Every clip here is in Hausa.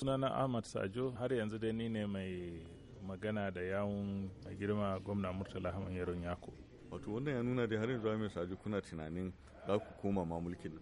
sunana ahmad sajo har yanzu dai ni ne mai magana da yawun a girma gwamna murtala hamman yaron yako wato wannan ya nuna da har yanzu ahmad sajo kuna tunanin za ku koma ma mulkin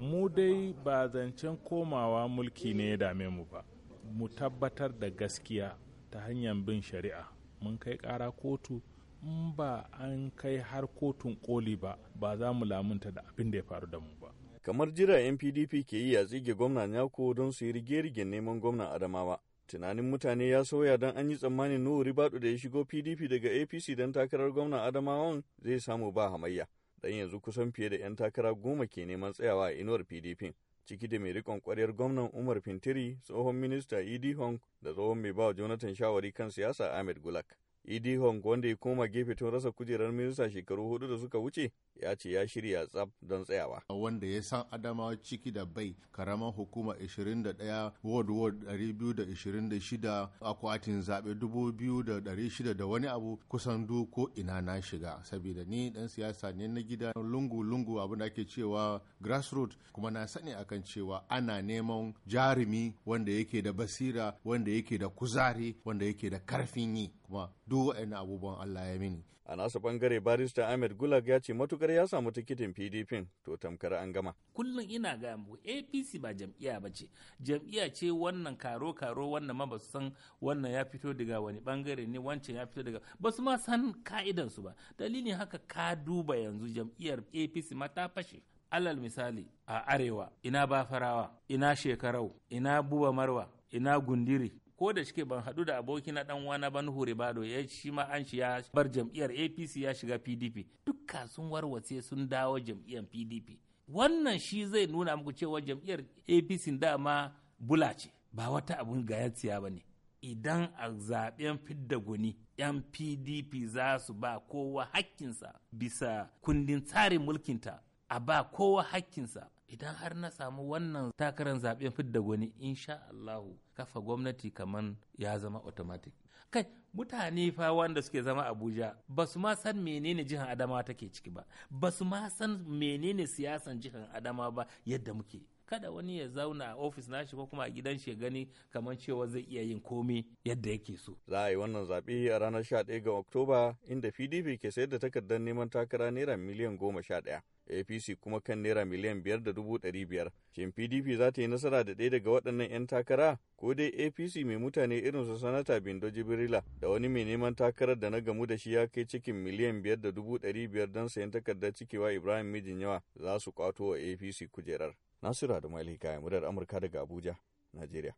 mu dai ba zancen komawa mulki ne ya dame mu ba mu tabbatar da gaskiya ta hanyar bin shari'a mun kai kara kotu in ba an kai har kotun koli ba ba za mu lamunta da abin da ya faru da mu ba kamar jira yan pdp ke yi a tsige gwamna nyako don su yi rige rige neman gwamnan adamawa tunanin mutane ya sauya don an yi tsammanin nuhu ribadu da ya shigo pdp daga apc don takarar gwamnan adamawan zai samu ba hamayya dan yanzu kusan fiye da 'yan takara goma ke neman tsayawa a inuwar pdp ciki da mai rikon kwaryar gwamnan umar fintiri tsohon minista ed hong da tsohon mai bawa jonathan shawari kan siyasa ahmed gulak Idi Hong wanda ya koma gefe tun rasa kujerar minista shekaru hudu da suka wuce ya ce ya shirya tsab don tsayawa. Wanda ya san Adamawa ciki da bai karamar hukuma 21 World War 226 akwatin zaɓe 2600 da wani abu kusan du ko ina na shiga saboda ni dan siyasa ne na gida lungu-lungu abin da ake cewa grassroot kuma na sani akan cewa ana neman jarumi wanda yake da basira wanda yake da kuzari wanda yake da karfin yi kuma du duk waɗannan abubuwan Allah ya mini. A nasa bangare barista Ahmed Gulag ya ce matukar ya samu tikitin PDP to tamkar an gama. Kullum ina ga muku APC ba jam'iyya ba ce. Jam'iyya ce wannan karo-karo wannan ma ba su san wannan ya fito daga wani bangare ne wancan ya fito daga ba su ma san ka'idan su ba. Dalilin haka ka duba yanzu jam'iyyar APC ma ta fashe. Alal misali a arewa ina ba farawa. ina shekarau ina buba marwa ina gundiri ko da shike ban haɗu da aboki na dan wani ban hure ba do ya shi ma an shi ya bar jam'iyyar APC ya shiga PDP dukka sun warwace sun dawo jam'iyyar PDP wannan shi zai nuna muku cewa jam'iyyar APC dama bula ce ba wata abun gayatsiya ba ne idan a zaben fidda guni 'yan pdp za su ba kowa hakkinsa bisa kundin tsarin mulkinta a ba kowa hakkinsa idan har na samu wannan takarar zaɓen fidda gwani insha Allahu kafa gwamnati kamar ya zama automatic kai mutane fa wanda suke zama Abuja ba su ma san menene jihar Adamawa take ciki ba ba su ma san menene siyasan jihar adama ba yadda muke kada wani ya zauna a ofis nashi ko kuma a gidan shi gani kamar cewa zai iya yin komai yadda yake so. Za a yi wannan zaɓe a ranar 11 ga Oktoba inda PDP ke sayar da takardar neman takara naira miliyan goma sha daya APC kuma kan naira miliyan biyar da dubu ɗari biyar. Shin PDP za ta yi nasara da ɗaya daga waɗannan 'yan takara? Ko dai APC mai mutane irin su sanata Bindo Jibrila da wani mai neman takarar da na gamu da shi ya kai cikin miliyan biyar da dubu ɗari biyar don sayan takardar cikewa Ibrahim Mijin yawa za su kwato wa APC kujerar. Nasiru malika ya Murar Amurka daga Abuja, Najeriya.